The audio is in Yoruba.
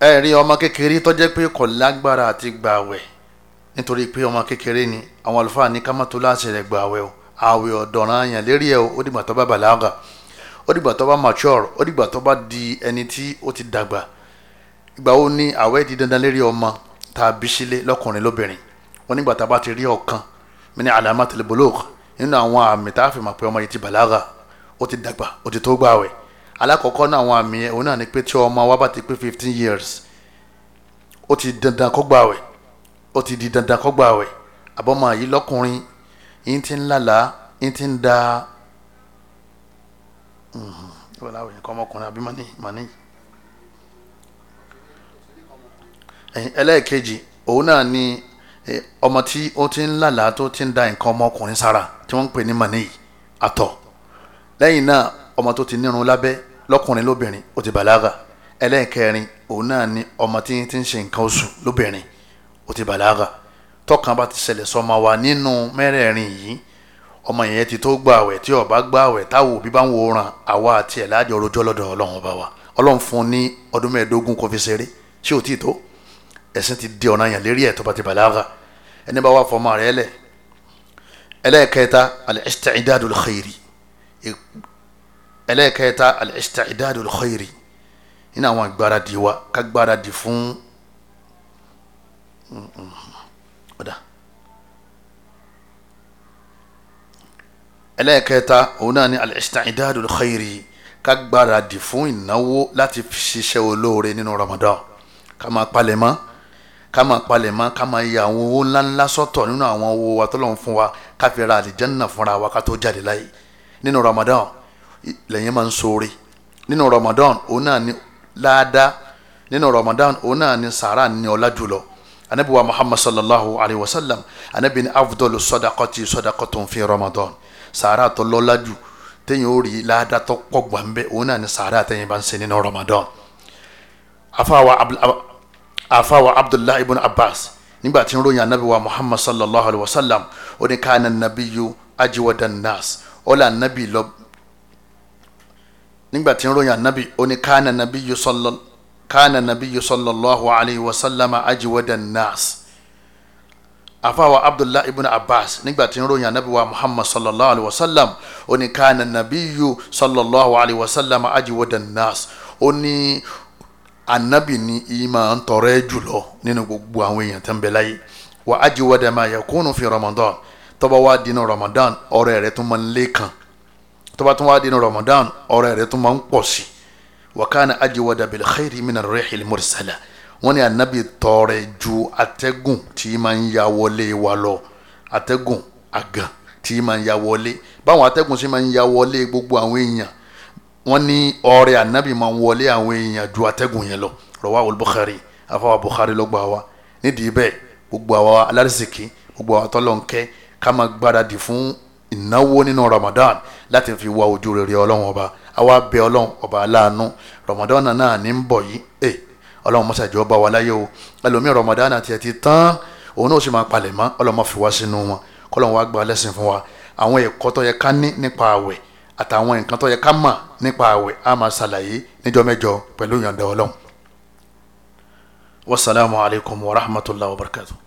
ẹ rí ọmọ kékeré tó jẹ́ pé kò lágbára àti gbààwẹ̀ nítorí pé ọmọ kékeré ni àwọn àlùfáà ní ká má tó láṣẹ rẹ̀ gbààwẹ̀ o àwẹ̀ ọ̀dọ̀ràn àyàn lérí ẹ̀ o ó dìgbà tó bá bàlágà ó dìgbà tó bá mature ó dìgbà tó bá di ẹni tí ó ti dàgbà ìgbà wo ni àwẹ̀ di dandan lérí ọmọ tá sílé lọ́kùnrin lóbìnrin wọn nígbà tá a bá ti rí ọ̀kan mí ní àlàmátìlẹ̀ bòlóòkù nínú àwọn àmì tá a fi mọ̀ pé ọmọ yìí ti bàlágà ó ti dàgbà ó ti tó gbààwẹ̀ alákọ̀ọ́kọ́ náà àwọn àmì òun náà ni pé tí ọmọ wa bá ti pé fifteen years ó ti dandan kó gbààwẹ̀ ó ti di dandan kó gbààwẹ̀ àbọ̀mọ̀ yìí lọ́kùnrin yìí ti ń lálàá yìí ti ń da mm-hmm. ọmọkùnrin àbí mọ̀nì ẹlẹ́ẹ̀kejì òun náà ni eh, ọmọ tí ó ti ń lálàá tó ti ń da nǹkan ọmọkùnrin sára tí wọ́n ń pè ní mani àtọ̀ lẹ́yìn náà ọmọ tó ti nírun lábẹ́ lọ́kùnrin lóbìnrin ó ti bàlágà ẹlẹ́ẹ̀kẹrin òun náà ni ọmọ tí ti ń ṣe nǹkan oṣù lóbìnrin ó ti bàlágà tọkàn bá ti ṣẹlẹ̀ sọmọ wa nínú mẹ́rẹ̀ẹ̀rin yìí ọmọ yẹn ti tó gbà àwẹ̀ tí ọba gbà àwẹ̀ táwo òbí bá ń wòran àwa àti ẹ̀ láàjọ rojọ́ lọ́dọ̀ ọlọ́run ọba wa ọlọ́run fún un ní ọdún mẹ́ẹ̀ẹ́dógún kó fi ṣeré ṣé ò tí ì tó ẹ̀sìn ti di ọ̀nà yàn lérí ẹ̀ tó bá ti bàlágà ẹni bá wà fọmọ rẹ̀ lẹ̀ ẹlẹ́ẹ̀kẹta al-isti'dadul khayri ẹlẹ́ẹ̀kẹta al-isti'dadul khayri nínú àwọn ìgbáradì wa ká gbáradì fún ọ̀dà ẹlẹ́ẹ̀kẹta òun náà ni al-isti'dadul khayri ká gbáradì fún ìnáwó olóore nínú Ramadan ká máa ká máa palẹ̀ mọ́ ká máa ya àwọn owó ńláńlá sọ́tọ̀ nínú àwọn owó wa tọ́lọ́run fún wa ká fi ra àlìjánná fúnra wa ká tó jáde láyé nínú Ramadan lẹ́yìn máa ń ṣoore nínú Ramadan òun náà ni láadáa nínú Ramadan òun náà ni sàárà ni ọlá jùlọ anabi wa Muhammad sallallahu alayhi wa sallam anabi ni afdolu sadaqati sadaqatun fi Ramadan sàárà tó lọ́lá jù téèyàn ó rí láadáa tó pọ̀ gbàǹbẹ̀ òun náà ni sàárà téèyàn bá ń ṣe nínú Ramadan afa wa afawa abdullahi ibn abbas nígbà tí ń ròyìn anabi wa muhammad sallallahu alaihi wa sallam ó ní káàna nabiyu ajiwada nas ó là nabi lọ nígbà tí ń ròyìn anabi ó ní káàna nabiyu sallallahu káàna nabiyu sallallahu alaihi wa sallam ajiwada nas afawa abdullahi ibn abbas nígbà tí ń ròyìn anabi wa muhammad sallallahu alaihi wa sallam ó ní káàna nabiyu sallallahu alaihi wa sallam ajiwada nas ó ní anabi ni ima ń tọrẹ jùlọ nínú gbogbo àwọn èèyàn tó ń bẹ láyé wa ajiwada ma yakunu fi ramadan tó bá wá dínú ramadan ọrẹ rẹ̀ tún máa ń lé kan tó bá tún wá dínú ramadan ọrẹ rẹ̀ tún máa ń pọ̀ sí wa kana ajiwada bil khairi min ar-rihil mursala wọ́n ní anabi tọrẹ ju atẹ́gùn tí máa ń ya wọlé wa lọ atẹ́gùn àgàn tí máa ń ya wọlé báwọn atẹ́gùn sì máa ń ya wọlé gbogbo àwọn èèyàn wọ́n ní ọrẹ anabi máa ń wọlé àwọn èèyàn ju atẹ́gùn yẹn lọ rọwá olùbọ́kárì afọwọ́ Bukhari lọ́gbà wa nídìí bẹ́ẹ̀ gbogbo àwa alárìsìkì gbogbo àwa tọ́lọ́nkẹ́ ká máa gbáradì fún ìnáwó nínú Ramadan láti fi wá ojú rere Ọlọ́run ọba àwa bẹ Ọlọ́run ọba aláàánú Ramadan náà ní ń bọ̀ yìí ẹ eh, Ọlọ́run mọ́sàjọ́ bá wa láyé o ẹlòmíì Ramadan àti ẹ̀ ti tán òun náà sì máa palẹ̀ mọ́ Ọlọ́run máa fi wá sínú wọn kọ́lọ́run wá gba lẹ́sìn fún wa àwọn ẹ̀kọ́ tó yẹ ká ní nípa àwẹ̀ àtàwọn nǹkan tó yẹ ká mọ̀ nípa àwẹ̀ a máa ṣàlàyé níjọ́ mẹ́jọ pẹ̀lú ìyọ̀ǹda ọlọ́run wasalaamualeykum wa rahmatulahi wa barakatuh.